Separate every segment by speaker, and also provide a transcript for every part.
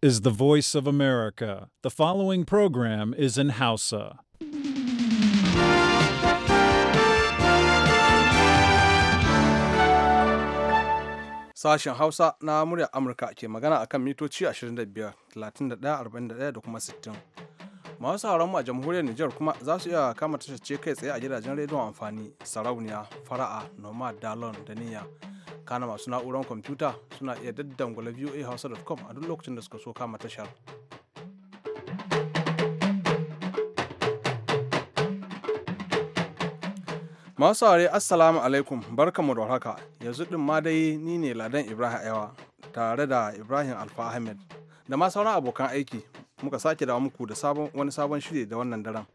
Speaker 1: is the voice of America. The following program is in Hausa.
Speaker 2: Sashen Hausa na muryar Amurka ke magana akan mitoci 25, 31, 41 da kuma 60. masu sauran mu a jamhuriyar Nijar kuma za su iya kama tashar ce kai tsaye a gidajen rediyon amfani sarauniya fara'a nomad dalon da niyya kana masu na'urar kwamfuta suna iya daddangula biyu a duk lokacin da suka so kama tashar masu saurari assalamu alaikum barkanmu da haka yanzu din ma dai ni ne ladan ibrahim aiwa tare da ibrahim alfa ahmed da ma sauran abokan aiki muka sake dawo muku da sabon wani sabon shiri da wannan daren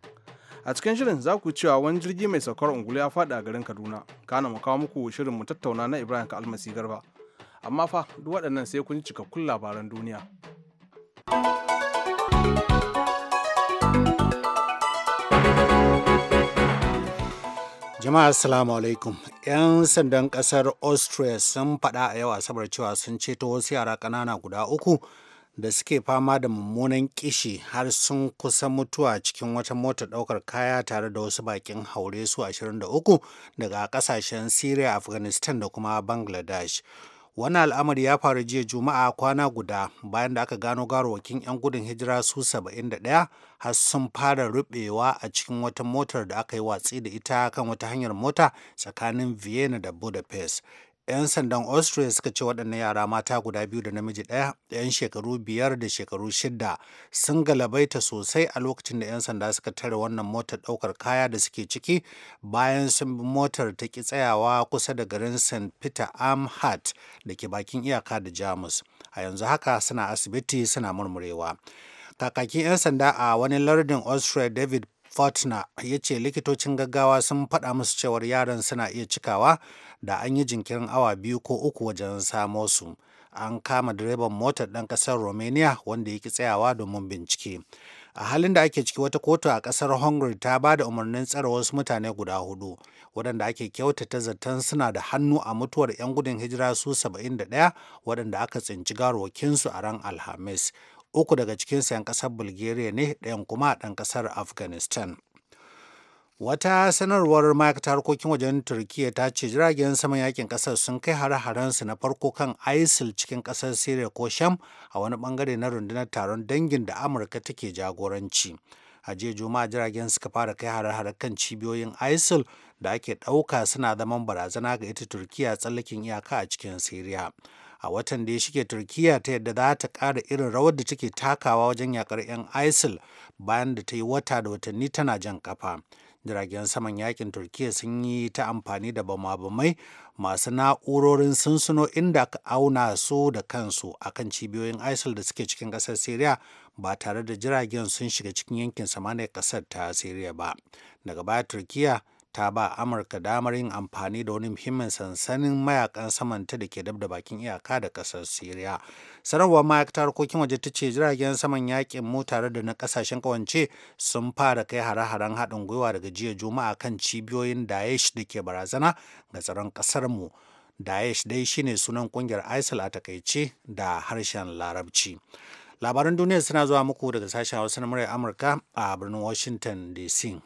Speaker 2: a cikin shirin za ku cewa wani jirgi mai saukar ungulu ya faɗi a garin kaduna kana mu kawo muku shirin mu tattauna na ibrahim ka almasi garba amma fa duk waɗannan sai kun cikakkun labaran duniya
Speaker 3: Jama'a Assalamu alaikum. 'Yan sandan kasar Austria sun faɗa a yau Asabar cewa sun ceto wasu yara ƙanana guda uku da suke fama da mummunan kishi har sun kusa mutuwa cikin wata mota ɗaukar kaya tare da wasu bakin haure su 23 daga ƙasashen syria afghanistan da kuma bangladesh wani al'amari ya faru jiya juma'a kwana guda bayan da aka gano garowakin 'yan gudun hijira su 71 har sun fara rubewa a cikin wata motar da aka yi watsi da ita kan wata hanyar mota tsakanin vienna da budapest 'yan sandan austria suka ce waɗannan yara mata guda biyu da namiji ɗaya 'yan shekaru biyar da shekaru shida sun galabaita sosai a lokacin da 'yan sanda suka tare wannan motar ɗaukar kaya da suke ciki bayan sun bi motar ta ki tsayawa kusa da garin st peter amhat da ke bakin iyaka da jamus a yanzu haka suna asibiti suna murmurewa kakakin 'yan sanda a wani lardin austria david Fortner ya ce likitocin gaggawa sun faɗa musu cewar yaran suna iya cikawa da an yi jinkirin awa biyu ko uku wajen samo su. An kama direban motar ɗan ƙasar Romania wanda ya tsayawa domin bincike. a halin da ake ciki wata kotu a ƙasar hungary ta ba da umarnin tsare wasu mutane guda hudu waɗanda ake kyautata zaton suna da hannu a mutuwar 'yan gudun hijira su 71 waɗanda aka tsinci garwakinsu a ran alhamis uku daga cikin 'yan ƙasar bulgaria ne ɗayan kuma ɗan ƙasar afghanistan wata sanarwar ma'aikatar harkokin wajen turkiya ta ce jiragen saman yakin ƙasar sun kai hare-harensu na farko kan isil cikin ƙasar syria ko sham a wani bangare na rundunar taron dangin da amurka take jagoranci a jiya juma'a jiragen suka fara kai hare-hare kan cibiyoyin isil da ake ɗauka suna zaman barazana ga ita turkiya tsallakin iyaka a cikin syria a watan da ya shige turkiya ta yadda za ta ƙara irin rawar da take takawa wajen yakar 'yan isil bayan da ta yi wata da watanni tana jan kafa jiragen saman yakin turkiya sun yi ta amfani da bama-bamai masu na'urorin sunsuno inda aka auna su da kansu akan cibiyoyin isil da suke cikin ƙasar syria ba tare da jiragen sun shiga cikin yankin samaniyar ƙasar ta syria ba daga baya turkiya ta ba amurka damar yin amfani da wani muhimmin sansanin mayakan samanta da ke dab da bakin iyaka da kasar siriya sanarwar ma'aikatar harkokin waje ta ce jiragen saman yakin mu tare da na kasashen ƙawance sun fara kai hare-haren haɗin gwiwa daga jiya juma'a kan cibiyoyin daesh da ke barazana ga tsaron ƙasar mu daesh dai shine sunan ƙungiyar isil a takaice da harshen larabci labaran duniya suna zuwa muku daga sashen hausa na amurka a birnin washington dc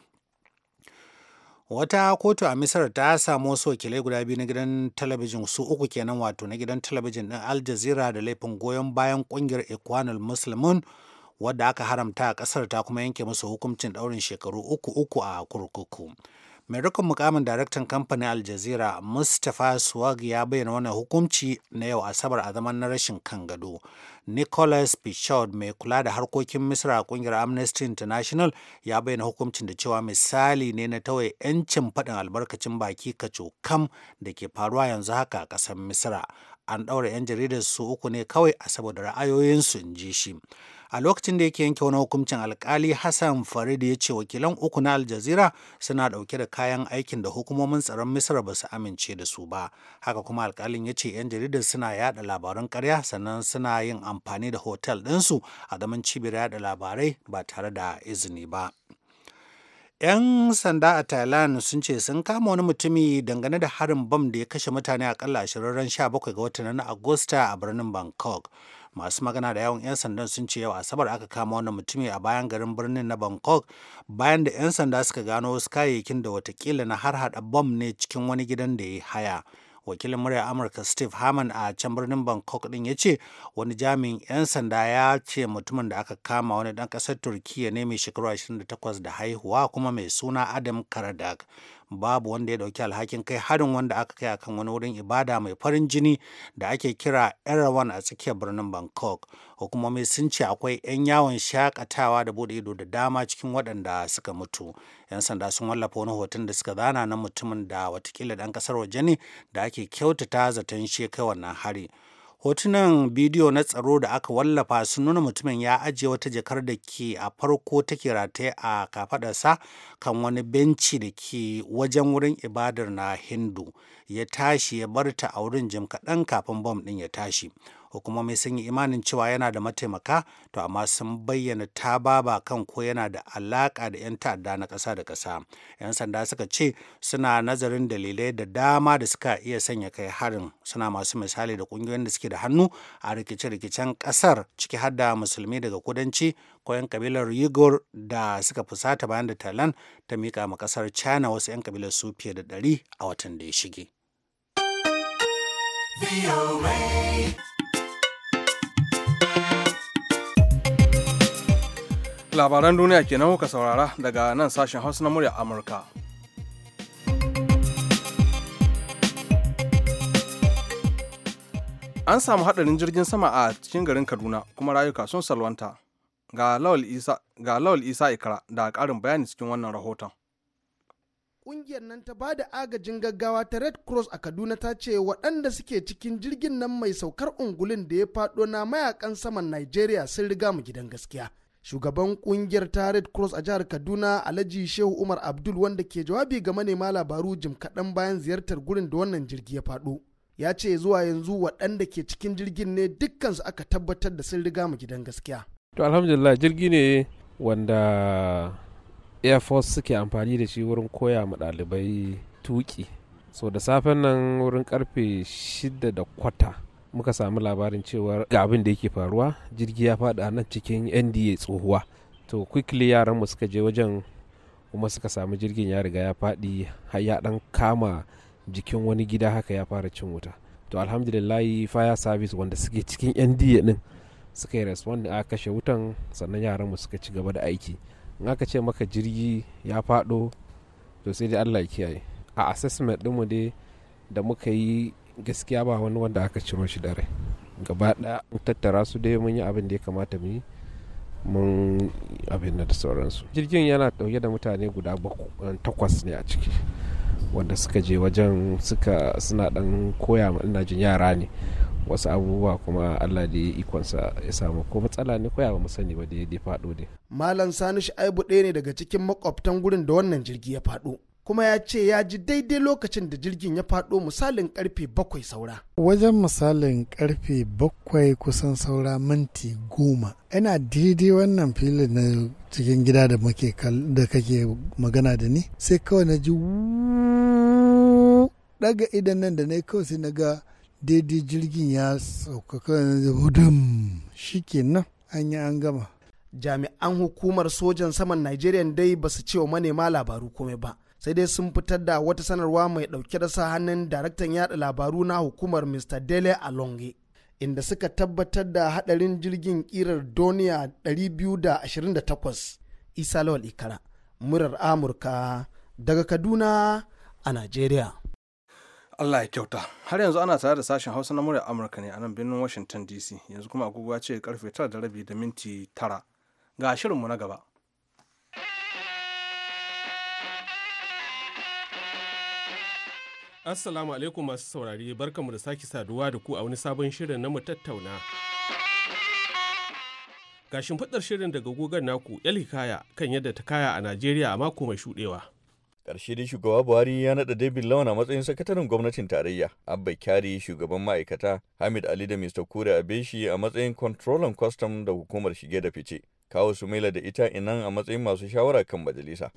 Speaker 3: wata kotu a misar ta samu wasu wakilai guda biyu na gidan talabijin su uku kenan wato na gidan talabijin ɗin al jazeera da laifin goyon bayan ƙungiyar ikwanul musulmin wadda aka haramta a ƙasar ta kuma yanke musu hukuncin ɗaurin shekaru uku uku a kurkuku mai rikon mukamin daraktan kamfanin al jazeera mustapha swag ya bayyana wannan hukunci na yau asabar a zaman na rashin kan gado nicholas pichaud mai kula da harkokin misra a kungiyar amnesty international ya bayyana hukuncin da cewa misali ne na tawai 'yancin faɗin albarkacin baki kacokam da ke faruwa yanzu haka a ƙasar misra an ɗaura 'yan jaridar su uku ne kawai a saboda ra'ayoyinsu in ji shi a lokacin da yake yanke wani hukuncin alkali hassan farid ya ce wakilan uku na aljazira suna dauke da kayan aikin da hukumomin tsaron misra ba su amince da su ba haka kuma alkalin ya ce 'yan jaridar suna yada labaran karya sannan suna yin amfani da hotel ɗinsu a zaman cibiyar yada labarai ba tare da izini ba 'yan sanda a thailand sun ce sun kama wani mutumi dangane da harin bam da ya kashe mutane akalla ashirin ran 17 ga watan agusta a birnin bangkok masu magana da yawon 'yan sandan sun ce yau asabar aka kama wani mutumi a bayan garin birnin na bangkok bayan da 'yan sanda suka gano wasu kayayyakin da watakila na har hada bom ne cikin wani gidan da ya haya wakilin murya amurka steve harman a can birnin bangkok din ya ce wani jami'in 'yan sanda ya ce mutumin da aka kama wani dan kasar turkiya ne mai shekaru 28 da haihuwa kuma mai suna adam karadak babu wanda ya dauki alhakin kai harin wanda aka kai akan wani wurin ibada mai farin jini da ake kira erawan a tsakiyar birnin bangkok hukumomi sun ce akwai 'yan yawon shakatawa da bude ido da dama cikin waɗanda suka mutu 'yan sanda sun wallafa wani hoton da suka zana na mutumin da watakila ɗan ƙasar waje ne da ake kyautata zaton shi kai wannan hari hotunan bidiyo na tsaro da aka wallafa sun nuna mutumin ya ajiye wata jakar da ke a farko ta rataye a kafadarsa kan wani benci da ke wajen wurin ibadar na hindu ya tashi ya barta a wurin jim kaɗan kafin bom ɗin ya tashi ko mai sun yi imanin cewa yana da mataimaka to amma sun bayyana ta baba kan ko yana da alaka da 'yan ta'adda na ƙasa da ƙasa 'yan sanda suka ce suna nazarin dalilai da dama da suka iya sanya kai harin suna masu misali da ƙungiyoyin da suke da hannu a rikice-rikicen ƙasar ciki har da musulmi daga kudanci ko 'yan kabilar yugur da suka fusata bayan da Thailand ta miƙa ma ƙasar China wasu 'yan kabilar su fiye da ɗari a watan da ya shige.
Speaker 2: labaran duniya kenan muka saurara daga nan sashen hausa na murya amurka an samu hadarin jirgin sama a cikin garin kaduna kuma rayuka sun salwanta ga lawal isa ikara da karin bayani cikin wannan rahoton
Speaker 4: ƙungiyar nan ta ba da agajin gaggawa ta red cross a kaduna ta ce waɗanda suke cikin jirgin nan mai saukar ungulin da ya faɗo na mayakan saman nigeria sun riga mu gidan gaskiya shugaban kungiyar ta red cross a jihar kaduna alhaji shehu umar abdul wanda ke jawabi ga manema labaru jim kaɗan bayan ziyartar gurin da wannan jirgi ya faɗo ya ce zuwa yanzu waɗanda ke cikin jirgin ne dukkansu aka tabbatar da sun riga mu gidan
Speaker 5: gaskiya
Speaker 6: to alhamdulillah jirgi ne wanda air force suke amfani da shi wurin koya ma ɗalibai tuki so da safen nan wurin karfe shida da kwata muka samu labarin cewa ga abin da yake faruwa jirgi ya fada nan cikin nda tsohuwa to quickly mu suka je wajen kuma suka samu jirgin ya riga ya fadi ya ɗan kama jikin wani gida haka ya fara cin wuta to alhamdulillahi fire service wanda suke cikin nda din suka yi respond a kashe wutan sannan yaran mu suka ci gaba da aiki in aka ce maka jirgi ya fado to sai dai allah kiyaye a assessment ɗinmu dai da muka yi gaskiya ba wani wanda aka ciro shi da rai gaba ɗaya tattara su dai mun yi abin da ya kamata mu yi mun abin da sauransu jirgin yana dauke da mutane guda eh, takwas ne a ciki wanda suka je wajen suka suna ɗan koya ma ina jin yara ne wasu abubuwa kuma allah da ya ikonsa ya samu ko matsala ne koya ba mu sani ba da ya faɗo ne
Speaker 4: malam sani shi aibu ɗaya ne daga cikin makwabtan gurin da wannan jirgi ya faɗo kuma ya ce ya ji daidai lokacin da jirgin ya faɗo misalin karfe bakwai saura. Wajen misalin karfe bakwai kusan saura minti goma. Ina daidai wannan filin na cikin gida da muke da kake magana da ni sai kawai na ji daga idan nan da na kawai sai na ga daidai jirgin ya sauka kawai shi kenan an yi an gama. Jami'an hukumar sojan saman Najeriya dai ba su ce wa manema labaru komai ba. sai dai sun fitar da wata sanarwa mai dauke da sa hannun daraktan yada labaru na hukumar mr dele alonge inda suka tabbatar da hadarin jirgin kirar doniya 228 isa lawal ikara murar amurka daga kaduna a nigeria
Speaker 2: Allah ya kyauta har yanzu ana tare da sashen hausa na muryar amurka ne a nan birnin washington dc yanzu kuma agogo ce karfe 9 da rabi da minti 9 ga shirinmu na gaba
Speaker 7: Assalamu alaikum masu saurari barkamu da sake saduwa da ku a wani sabon shirin na mu tattauna. Ga shimfiɗar shirin daga gogon naku yal hikaya kan yadda ta kaya a Najeriya a mako mai shuɗewa. Ƙarshe dai shugaba Buhari ya naɗa David Lawan a matsayin sakataren gwamnatin tarayya, Abba
Speaker 8: Kyari shugaban ma'aikata, Hamid Ali da Mr. Kure Abeshi a matsayin kontrolan kwastam da hukumar shige da fice. kawo Sumaila da ita inan a matsayin masu shawara kan majalisa.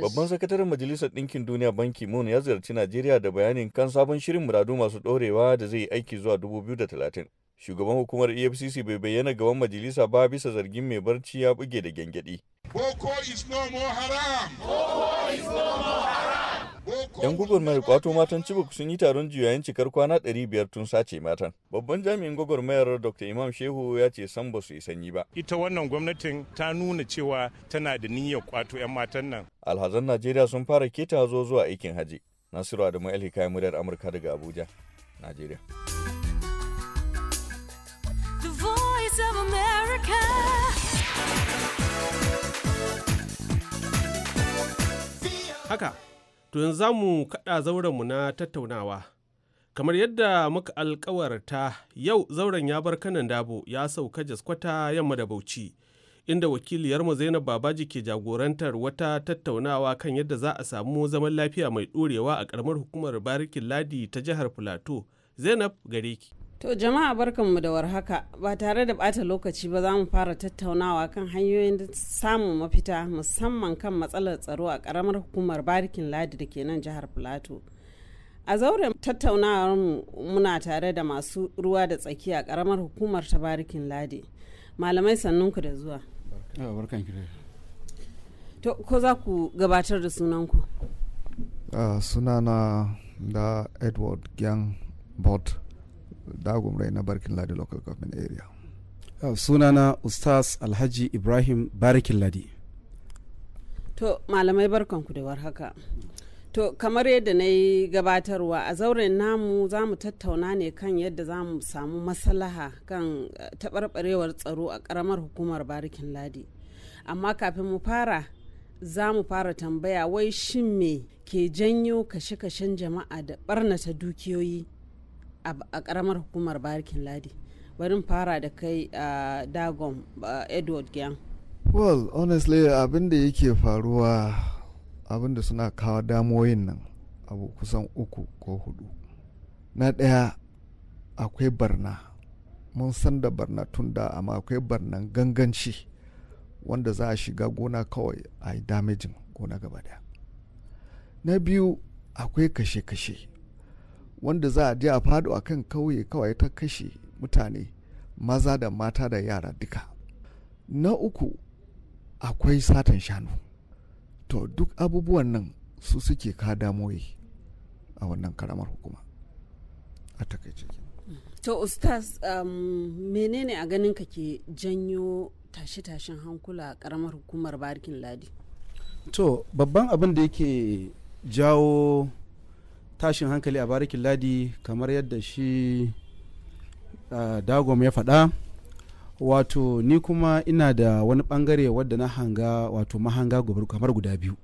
Speaker 8: Babban sakataren Majalisar Ɗinkin Duniya Banki Moon ya ziyarci Najeriya da bayanin kan sabon shirin muradu masu ɗorewa da zai yi aiki zuwa 2030. Shugaban hukumar EFCC bai bayyana gaban majalisa ba bisa zargin mai barci ya buge da gyangyaɗi.
Speaker 9: Boko is no more haram.
Speaker 8: 'Yan gwagwarmayar kwato matan Chibok sun yi taron juyayen cikar kwana 500 tun sace matan. Babban jami'in gwagwarmayar Dr. Imam Shehu ya ce san ba su yi sanyi ba.
Speaker 10: Ita wannan gwamnatin ta nuna cewa tana da niyyar kwato 'yan matan nan.
Speaker 8: Alhazan Najeriya sun fara keta zo zuwa aikin haji. Nasiru Adamu Ali kayan muryar Amurka daga Abuja, Najeriya.
Speaker 7: haka To yanzu za mu kaɗa zauren mu na tattaunawa. Kamar yadda muka alkawarta yau zauren ya bar kanan dabo ya sauka jaskwata yamma da bauchi. Inda wakiliyarmu Zainab Babaji ke jagorantar wata tattaunawa kan yadda za a samu zaman lafiya mai ɗorewa a ƙaramar hukumar barikin ladi ta jihar Filato. Zainab Gareki.
Speaker 1: To jama'a barkanmu da warhaka ba tare da bata lokaci ba za mu fara tattaunawa kan hanyoyin samun mafita musamman kan matsalar tsaro a karamar hukumar barikin ladi da ke nan jihar Filato. A zauren tattaunawarmu muna tare da masu ruwa da tsaki a ƙaramar hukumar ta barikin ladi. Malamai sannunku da zuwa. Ah, to ko za ku gabatar da sunanku?
Speaker 8: Ah, sunana da Edward Gyan Bott.
Speaker 9: na barkin ladi local government area ah, sunana ustaz alhaji ibrahim barikin ladi
Speaker 1: to malamai barkanku da war to kamar yadda na yi gabatarwa a zauren namu za mu tattauna ne kan yadda za mu samu maslaha kan eh, taɓarɓarewar tsaro a ƙaramar hukumar barikin ladi amma kafin mu fara za mu fara tambaya wai shin me ke janyo kashe-kashen jama'a da ɓarnata dukiyoyi a karamar hukumar barikin ladi barin fara da kai a dagon edward gyan
Speaker 8: well honestly abin da yake faruwa abin da suna kawo damoyin nan abu kusan uku ko hudu na ɗaya akwai barna mun san da barna tun da amma akwai barnan ganganci wanda za a shiga gona kawai a yi damejin gona gaba daya na biyu akwai kashe-kashe wanda za a je a fado a kan kauye kawai ta kashe mutane maza da mata da yara duka na uku akwai satan shanu to duk abubuwan nan su suke ka damoyi a wannan karamar hukuma a takaice
Speaker 1: to ustaz um, menene a ganin ka ke janyo tashe-tashen hankula karamar hukumar barkin ladi
Speaker 9: to babban abin da yake jawo tashin hankali a barikin ladi kamar yadda shi dagom ya faɗa wato ni kuma ina da wani ɓangare wadda na hanga wato mahanga kamar guda biyu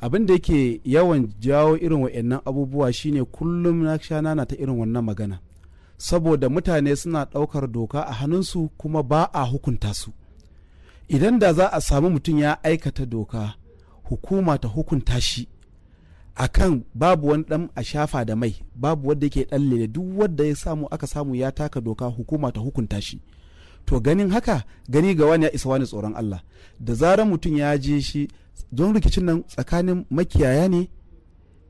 Speaker 9: abin da yake yawan jawo irin wa'annan abubuwa shine kullum na sha nana ta irin wannan magana saboda mutane suna ɗaukar doka a hannunsu kuma ba a hukunta su idan da za a samu mutum ya aikata doka hukuma ta hukunta shi akan babu wani dan a shafa da mai babu wanda yake dan lele duk wanda ya samu aka samu ya taka doka hukuma ta hukunta shi to ganin haka gani ga wani ya isa wani tsoron Allah da zarar mutum ya je shi don rikicin nan tsakanin makiyaya ne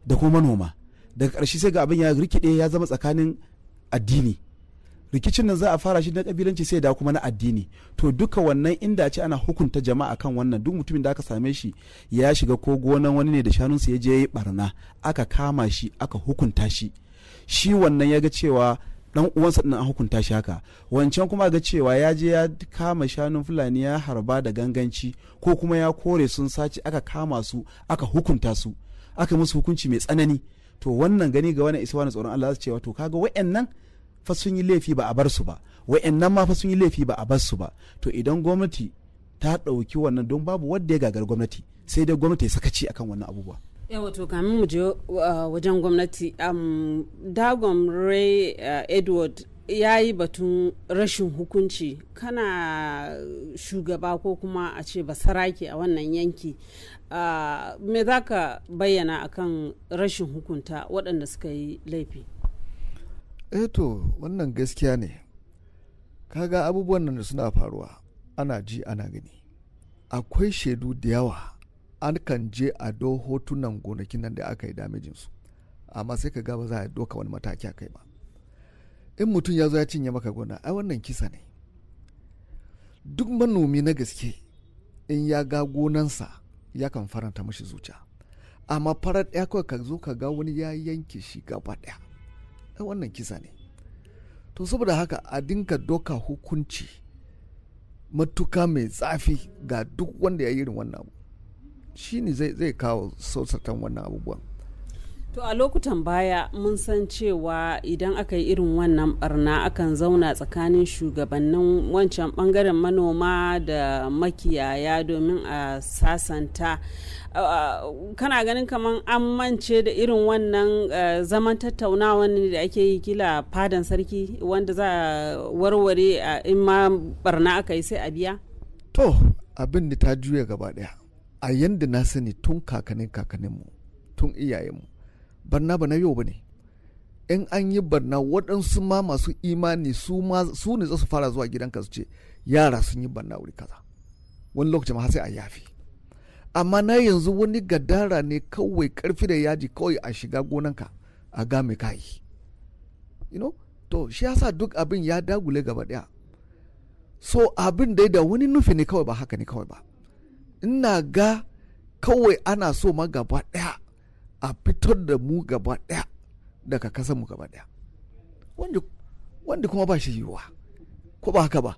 Speaker 9: da kuma manoma daga ƙarshe sai ga abin ya rikide ya zama tsakanin addini rikicin nan za a fara shi na kabilanci sai da kuma na addini to duka wannan inda ce ana hukunta jama'a kan wannan duk mutumin da aka same shi ya shiga ko gonan wani ne da shanunsa ya je ya yi barna aka kama shi aka hukunta shi shi wannan ya ga cewa dan uwansa din an hukunta shi haka wancan kuma ga cewa ya je ya kama shanun fulani ya harba da ganganci ko kuma ya kore sun sace aka kama su aka hukunta su aka musu hukunci mai tsanani to wannan gani ga wani isa wani tsoron Allah zai cewa ce wato kaga wayannan fa sun yi laifi ba a bar su ba wa'annan ma fa sun yi laifi ba a bar su ba to idan gwamnati ta ɗauki wannan don babu wanda ya gagar gwamnati sai dai gwamnati ya sakaci akan wannan abubuwa
Speaker 1: yawa to kamin mu je wajen gwamnati dagon ray eh, edward ya yi batun rashin hukunci kana shugaba ko kuma a ce basarake a wannan yanki ah, me za ka bayyana akan rashin hukunta waɗanda suka yi laifi
Speaker 8: eh to wannan gaskiya ne kaga abubuwan nan da suna faruwa ana ji ana gani akwai shaidu da yawa an kan je a do hotunan gonakin nan da aka yi su amma sai ka ga ba za a doka wani mataki a kai ba in mutum ya zo ya cinye maka gona ai wannan kisa ne duk manomi na gaske in ya ga gonansa ya kan faranta mashi zuciya amma farar ɗaya kawai ka zo ka ga wani ya yanke shi gaba ɗaya ai wannan kisa ne to saboda haka a dinka doka hukunci matuka mai tsafi ga duk wanda ya yi irin wannan abu shi ne zai kawo sausatan wannan abubuwan
Speaker 1: To a lokutan baya mun san cewa idan aka yi irin wannan barna akan zauna tsakanin shugabannin wancan bangaren manoma da makiyaya domin a sasanta. Kana ganin kamar an mance da irin wannan eh, zaman tattaunawa ne da ake yi kila fadan sarki wanda za a warware in ma barna aka yi sai a biya? To
Speaker 8: abin da ta juya gaba daya a yanda na sani tun kakanin kakaninmu tun iyayenmu barna ba na yau ba ne in an yi barna waɗansu ma masu imani su ne za su fara zuwa gidanka su ce yara sun yi barna wuri kaza wani lokacin ma sai a yafi amma na yanzu wani gadara ne kawai karfi da yaji kawai a shiga gonanka a mai kayi you know to shi yasa duk abin ya dagule gaba daya so abin dai da wani nufi ne kawai ba haka ne kawai ba ina ga kawai ana so ma gaba daya a fitar da mu gaba ɗaya daga kasar mu gaba ɗaya wanda kuma ba shi yiwuwa ko ba haka ba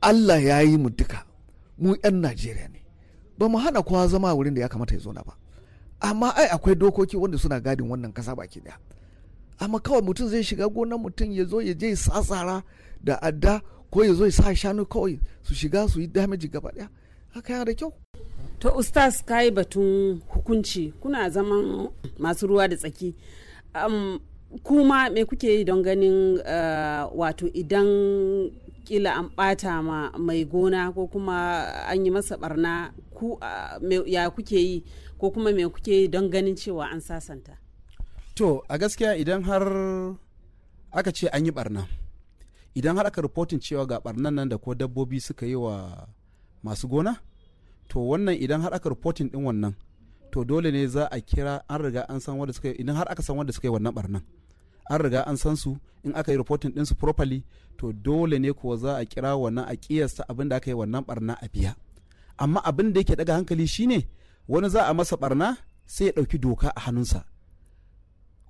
Speaker 8: Allah ya yi mu duka mu 'yan Najeriya ne ba mu hana kowa zama a wurin da ya kamata ya zo na ba amma ai akwai dokoki wanda suna gadin wannan kasa baki daya amma kawai mutum zai shiga gonar mutum ya zo ya je ya da adda ko ya zo ya sa shanu kawai su shiga su yi damiji gaba ɗaya.
Speaker 1: haka da kyau to ustaz ka yi batun hukunci kuna zaman masu ruwa da tsaki um, kuma me kuke yi don ganin uh, wato idan kila an ɓata ma mai gona ko kuma an yi masa barna ku uh, me, ya kuke yi ko kuma me kuke yi don ganin cewa an sasanta
Speaker 9: to a gaskiya idan har aka ce an yi barna idan har aka rufotin cewa ga barnan nan da ko dabbobi suka yi wa masu gona to wannan idan har aka reporting din wannan to dole ne za a kira an riga an san wanda suka idan har aka san wanda suka yi wannan barnan an riga an san su in aka yi reporting din su properly to dole ne kuwa za a kira wannan a kiyasta abin da aka yi wannan barna a biya amma abin da yake daga hankali shine wani za a masa barna sai ya dauki doka a hannunsa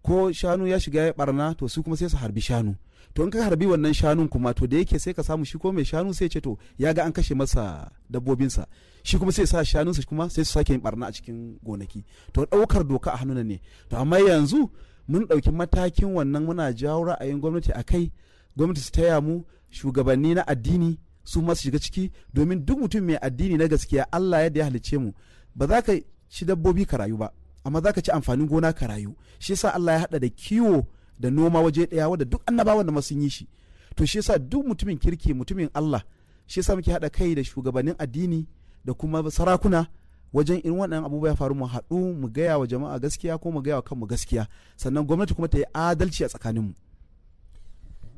Speaker 9: ko shanu ya shiga ya barna to su kuma sai su harbi shanu to in ka harbi wannan shanun kuma to da yake sai ka samu shi ko mai shanu sai ce to ya ga an kashe masa dabbobinsa shi kuma sai sa shanunsa kuma sai su sake yin barna a cikin gonaki to ɗaukar doka a hannuna ne to amma yanzu mun ɗauki matakin wannan muna jawo ra'ayin gwamnati a kai gwamnati su taya mu shugabanni na addini su masu shiga ciki domin duk mutum mai addini na gaskiya Allah yadda ya halicce mu ba za ka ci dabbobi ka rayu ba amma za ka ci amfanin gona ka rayu shi yasa Allah ya haɗa da kiwo da noma waje ɗaya wadda duk annabawan da sun yi shi to shi yasa duk mutumin kirki mutumin Allah shi yasa muke haɗa kai da shugabannin addini da kuma sarakuna wajen irin waɗannan abubuwa ya faru mu haɗu mu gaya wa jama'a gaskiya ko mu gaya wa kanmu gaskiya sannan gwamnati kuma ta yi adalci a mu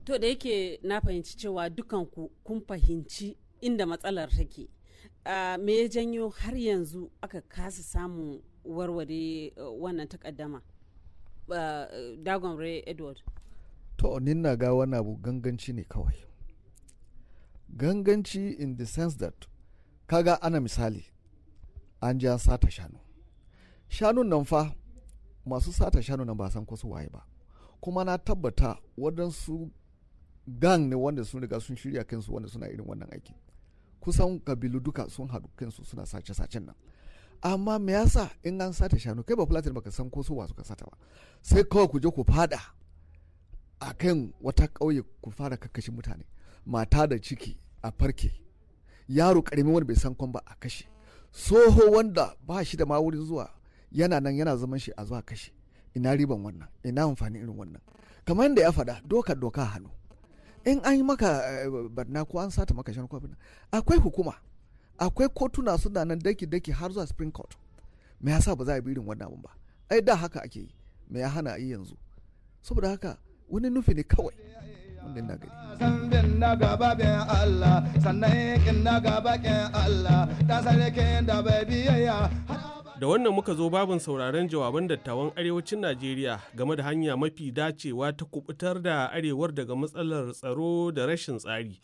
Speaker 1: to da yake na fahimci cewa dukan ku kun fahimci inda matsalar take me ya janyo har yanzu aka kasa samun warware eh, wannan takaddama Uh, dagon ray edward
Speaker 8: to ni na ga wani abu ganganci ne kawai ganganci in the sense that kaga ana misali an ja sata shanu shanun nan fa masu sata shanu nan ba san kwasu waye ba kuma na tabbata waɗansu gang ne wanda sun riga sun shirya kansu wanda suna irin wannan aiki kusan kabilu duka sun haɗu kansu suna sace-sacen nan amma me yasa in an sata shanu kai ba fulatin baka san ko su wasu ka sata ba sai kawai ku je ku fada a kan wata ƙauye ku fara kakkashi mutane mata da ciki a farke yaro karimi wanda bai san kwan ba a kashe soho wanda ba shi da ma wurin zuwa yana nan yana zaman shi a zuwa kashe ina riban wannan ina amfani irin wannan kamar yadda ya faɗa doka doka hannu in an yi maka eh, barna ko an sata maka shanu akwai hukuma akwai kotuna suna nan daki-daki har zuwa spring court me yasa ba za a bi irin wannan abun ba ai da haka ake yi me ya hana yi yanzu saboda haka wani nufi ne kawai wannan
Speaker 9: na gari sanbin da da
Speaker 7: wannan muka zo babin sauraron jawaban dattawan arewacin najeriya game da hanya mafi dacewa ta kubutar da arewar daga matsalar tsaro da rashin tsari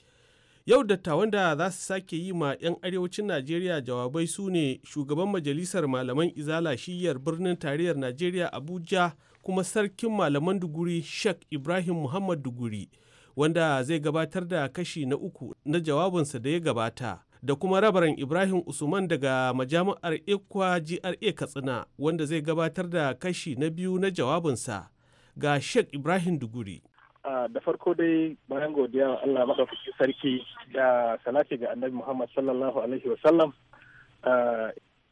Speaker 7: Yau dattawan da za su sake yi ma 'yan arewacin Najeriya jawabai su ne shugaban majalisar malaman izala Shiyyar birnin tarayyar Najeriya Abuja kuma sarkin malaman duguri Sheikh Ibrahim Muhammad duguri wanda zai gabatar da kashi na uku na jawabinsa da ya gabata. da kuma rabaran Ibrahim Usman daga majami'ar Ikwa GRA Katsina wanda zai gabatar da kashi na biyu na jawabinsa ga Sheikh Ibrahim Duguri.
Speaker 10: da farko dai bayan godiya wa Allah maɗaukakin sarki da salati ga annabi Muhammad sallallahu alaihi wa sallam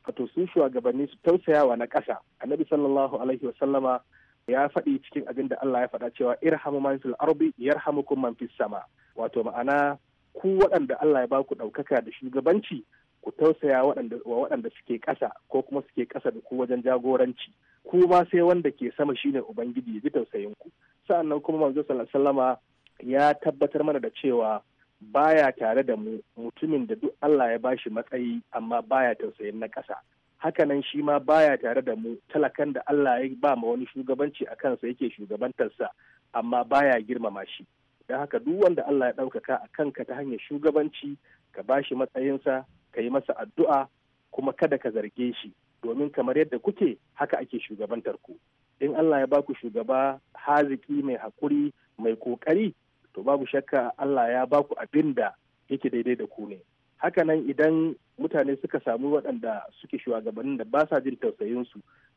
Speaker 10: wato su shugabanni su tausayawa na ƙasa annabi sallallahu alaihi wa sallama ya faɗi cikin abin da Allah ya faɗa cewa irhamu man fil ardi yarhamukum man fis sama wato ma'ana ku waɗanda Allah ya baku ɗaukaka da shugabanci ku tausaya wa waɗanda suke ƙasa ko kuma suke ƙasa da ku wajen jagoranci ku ma sai wanda ke sama shine ubangiji ya ji tausayin ku sa'annan kuma manzo sallama ya tabbatar mana da cewa baya tare da mu mutumin da duk Allah ya bashi matsayi amma baya tausayin na ƙasa hakanan shi ma baya tare da mu talakan da Allah ya ba ma wani shugabanci a kansa yake shugabantarsa amma baya girmama shi don haka duk wanda Allah ya ɗaukaka a kanka ta hanyar shugabanci ka bashi matsayinsa ka yi masa addu'a kuma kada ka zarge shi domin kamar yadda kuke haka ake shugabantar ku in Allah ya baku shugaba haziki mai haƙuri mai ƙoƙari to babu shakka Allah ya baku abin da yake daidai da ku ne hakanan idan mutane suka samu waɗanda suke shugabannin da ba sa jin tausayin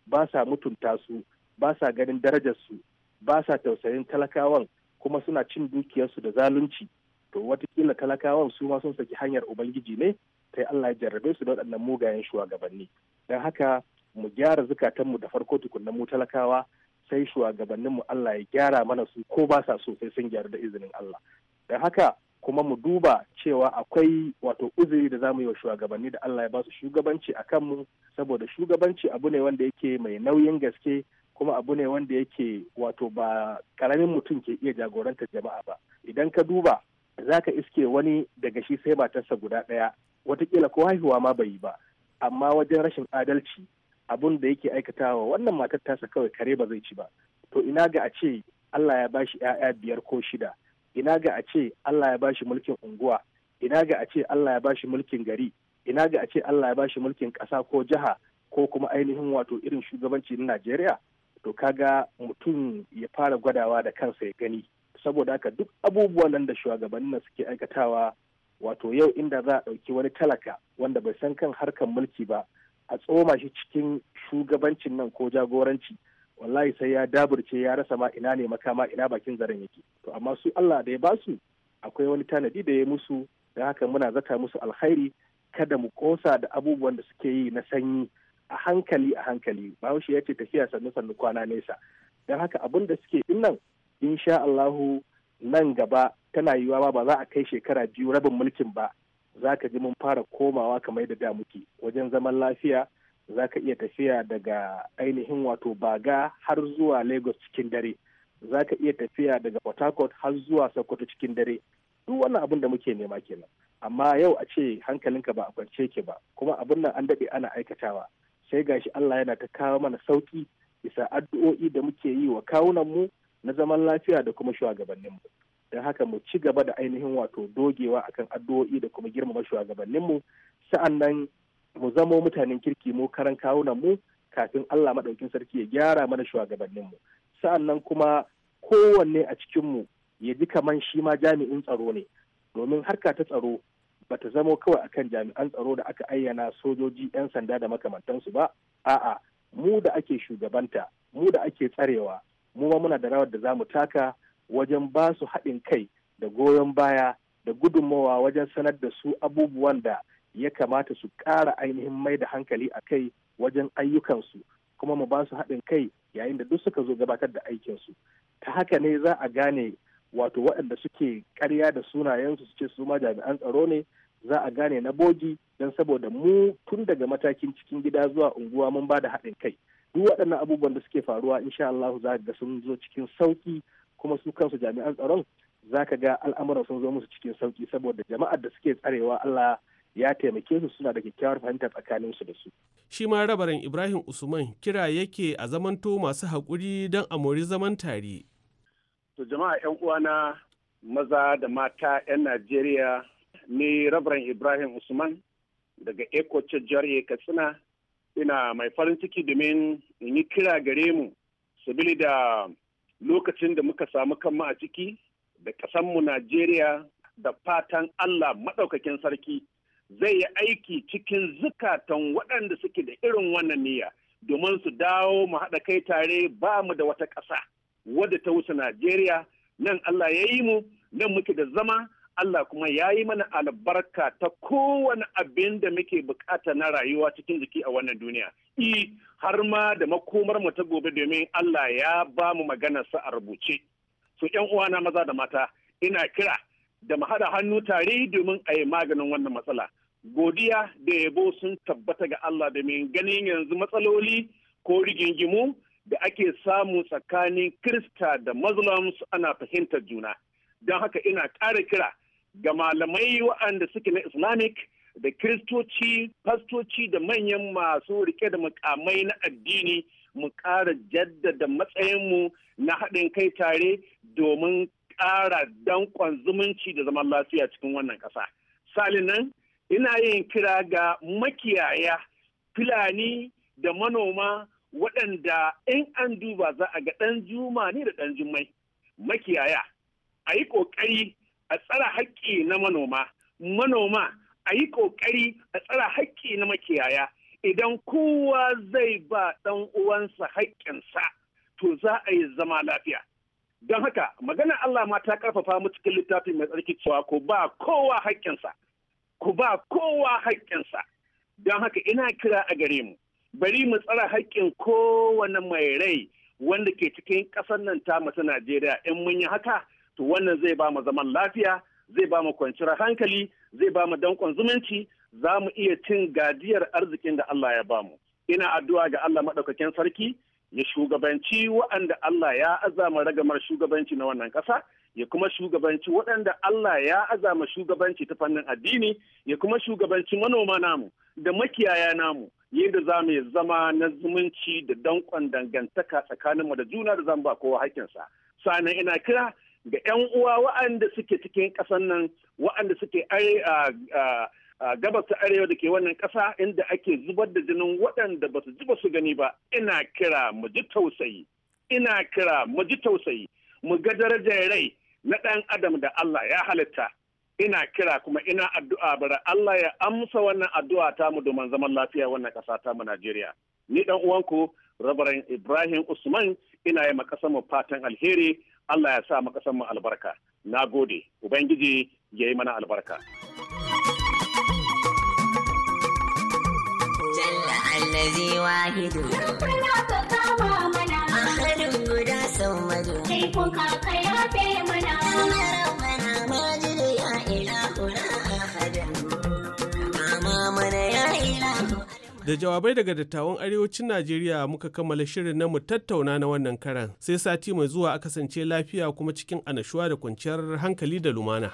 Speaker 10: ba sa mutunta su ba sa ganin darajarsu ba sa tausayin talakawan kuma suna cin su da zalunci to watakila talakawan su ma sun saki hanyar ubangiji ne sai Allah ya jarrabe su da waɗannan mugayen shugabanni don haka mu gyara zukatanmu da farko tukunna mu talakawa sai shugabanninmu Allah ya gyara mana su ko ba sa so sai sun gyara da izinin Allah dan haka kuma mu duba cewa akwai wato uzuri da zamu yi wa shugabanni da Allah ya ba su shugabanci a kanmu saboda shugabanci abu ne wanda yake mai nauyin gaske kuma abu ne wanda yake wato ba karamin mutum ke iya jagorantar jama'a ba idan ka duba za ka iske wani daga shi sai matarsa guda ɗaya watakila ko haihuwa ma bai yi ba amma wajen rashin adalci abun da yake aikatawa wannan matar tasa kawai kare ba zai ci ba to ina ga a ce Allah ya bashi ‘ya'ya biyar ko shida ina ga a ce Allah ya bashi mulkin unguwa ina ga a ce Allah ya bashi mulkin gari ina ga a ce Allah ya bashi mulkin ƙasa ko jiha ko kuma ainihin wato irin shugabanci na Najeriya to kaga mutum ya fara gwadawa da kansa ya gani saboda haka duk abubuwan nan da shugabannin suke aikatawa wato yau inda za a ɗauki wani talaka wanda bai san kan harkar mulki ba a tsoma shi cikin shugabancin nan ko jagoranci wallahi sai ya daburce ya rasa ma ina ne makama ina bakin zaren yake to amma su Allah da ya ba su akwai wani tanadi da ya musu da haka muna zata musu alkhairi kada mu kosa da abubuwan da suke yi na sanyi a hankali a hankali bahaushe ya ce tafiya sannu sannu kwana nesa dan haka abun da suke din nan insha Allahu nan gaba tana yiwuwa ba za a kai shekara biyu rabin mulkin ba za ka ji mun fara komawa kamar da da muke wajen zaman lafiya za ka iya tafiya daga ainihin wato baga har zuwa lagos cikin dare za ka iya tafiya daga port harcourt har zuwa sokoto cikin dare duk wannan abin da muke nema kenan amma yau a ce hankalinka ba a kwance ke ba kuma abin nan an daɗe ana aikatawa sai gashi allah yana ta kawo mana sauki bisa addu'o'i da muke yi wa kawunanmu na zaman lafiya da kuma shugabanninmu don haka mu ci gaba da ainihin wato dogewa akan addu'o'i da kuma girmama shugabanninmu sa'an nan mu zamo mutanen kirki mu karan kawunan mu kafin Allah maɗaukin sarki ya gyara mana shugabanninmu sa'an nan kuma kowanne a cikinmu ya ji kaman shi ma jami'in tsaro ne domin harka ta tsaro bata zamo kawai akan jami'an tsaro da aka ayyana sojoji 'yan sanda da makamantansu ba a'a mu da ake shugabanta mu da ake tsarewa mu ma muna da rawar da za mu taka wajen ba su haɗin kai da goyon baya da gudunmawa wajen sanar da su abubuwan da ya kamata su ƙara ainihin mai da hankali a kai wajen ayyukansu kuma mu ba su haɗin kai yayin da duk suka zo gabatar da aikinsu ta haka ne za a gane wato waɗanda suke karya da sunayensu su ce su ma jami'an tsaro ne za a gane na bogi don saboda mu tun daga matakin cikin gida zuwa unguwa mun ba da haɗin kai duk waɗannan abubuwan da suke faruwa insha Allah za ga sun zo cikin sauƙi kuma su kansu jami'an tsaron za ka ga al'amuran sun zo musu cikin sauki saboda jama'ar da suke tsarewa Allah ya taimake su suna da kyakkyawar fahimta tsakanin su da su.
Speaker 7: Shi ma rabarin Ibrahim Usman kira yake a zamanto masu haƙuri don a mori zaman tare.
Speaker 10: To jama'a 'yan uwana
Speaker 5: maza da mata 'yan Najeriya ni rabarin Ibrahim Usman daga Eko Chajjari Katsina ina mai farin ciki domin in yi kira gare mu sabili da lokacin da muka samu kanmu a ciki da ƙasanmu Najeriya da fatan Allah maɗaukakin sarki zai yi aiki cikin zukatan waɗanda suke da irin wannan niyya domin su dawo mu haɗa kai tare ba mu da wata ƙasa wadda ta wuce Najeriya nan Allah ya yi mu nan muke da zama Allah kuma ya yi mana albarka ta kowane abin da muke bukata na rayuwa cikin jiki a wannan duniya. I har ma da makomar mu ta gobe domin Allah ya ba mu maganarsa a rubuce. So ‘yan uwana maza da mata ina kira da mu haɗa hannu tare domin a yi maganin wannan matsala. Godiya da yabo sun tabbata ga Allah domin ganin yanzu matsaloli ko rigingimu da ake samu tsakanin Kirista da Muslims ana fahimtar juna. Don haka ina ƙara kira ga malamai waɗanda suke na islamic da kiristoci fastoci da manyan masu rike da mukamai na addini mu ƙara jaddada matsayinmu na haɗin kai tare domin ƙara danƙon zumunci da zaman lafiya cikin wannan ƙasa. salinan ina yin kira ga makiyaya fulani da manoma waɗanda in an duba za a ga ɗan juma ne da ɗan jummai makiyaya a yi ƙoƙari a tsara haƙƙi na manoma manoma a yi ƙoƙari a tsara haƙƙi na makiyaya idan kowa zai ba ɗan uwansa haƙƙinsa to za a yi zama lafiya don haka magana Allah ma ta ƙarfafa mu cikin littafi mai tsarki cewa ku ba kowa haƙƙinsa ku ba kowa haƙƙinsa don haka ina kira a gare mu bari mu tsara haƙƙin kowane mai rai wanda ke cikin ƙasar nan ta masu Najeriya in mun yi haka to wannan zai ba mu zaman lafiya zai ba mu kwanciyar hankali zai ba mu dankon zumunci za mu iya cin gajiyar arzikin da Allah ya ba mu ina addu'a ga Allah maɗaukakin sarki ya shugabanci waɗanda Allah ya azama ragamar shugabanci na wannan ƙasa ya kuma shugabanci waɗanda Allah ya azama shugabanci ta fannin addini ya kuma shugabanci manoma namu da makiyaya namu yadda za mu zama na zumunci da danƙon dangantaka tsakaninmu da juna da zan ba kowa hakinsa. Sa'annan ina kira ga 'yan uwa wa'anda suke cikin ƙasan nan wa'anda suke gabas ta arewa da ke wannan ƙasa inda ake zubar da jinin waɗanda ba su ji ba su gani ba ina kira mu ji tausayi ina kira mu ji tausayi mu ga darajar rai na ɗan adam da Allah ya halitta ina kira kuma ina addu'a bara Allah ya amsa wannan addu'a ta mu domin zaman lafiya wannan ƙasa ta mu Najeriya ni dan uwanku Rabaran Ibrahim Usman ina yi makasar mu fatan alheri Allah ya sa mu kasan albarka na gode ubangiji ya yi mana albarka jalla allazi wahidu
Speaker 8: rabbana ka kama mana
Speaker 7: ahadun guda sau madu kai kun kaka Da jawabai daga dattawan arewacin Najeriya muka kammala shirin na mu tattauna na wannan karan sai sati mai zuwa a kasance lafiya kuma cikin anashuwa da kwanciyar hankali da
Speaker 2: lumana.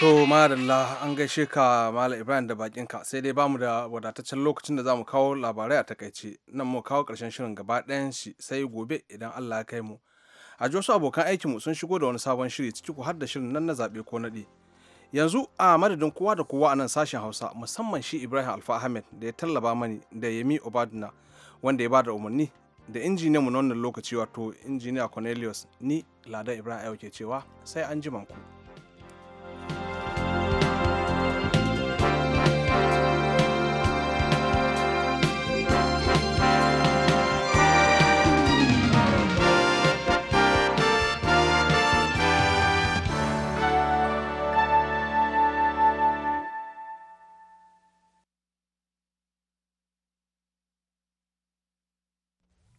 Speaker 2: To madalla an gaishe ka Malam Ibrahim da bakinka sai dai bamu da wadataccen lokacin da za mu kawo labarai a takaice nan mu kawo karshen shirin gaba ɗayan shi sai gobe idan Allah ya kai mu. A wasu abokan aikinmu sun shigo da wani sabon shiri ciki ku har da shirin nan na zaɓe ko naɗi. yanzu a madadin kowa da kowa a nan sashen hausa musamman shi ibrahim alfa ahmed da ya tallaba mani da yami obaduna wanda ya bada umarni da injiniya mu na wannan lokaci wato injiniya cornelius ni lada ibrahim ke cewa sai an ku.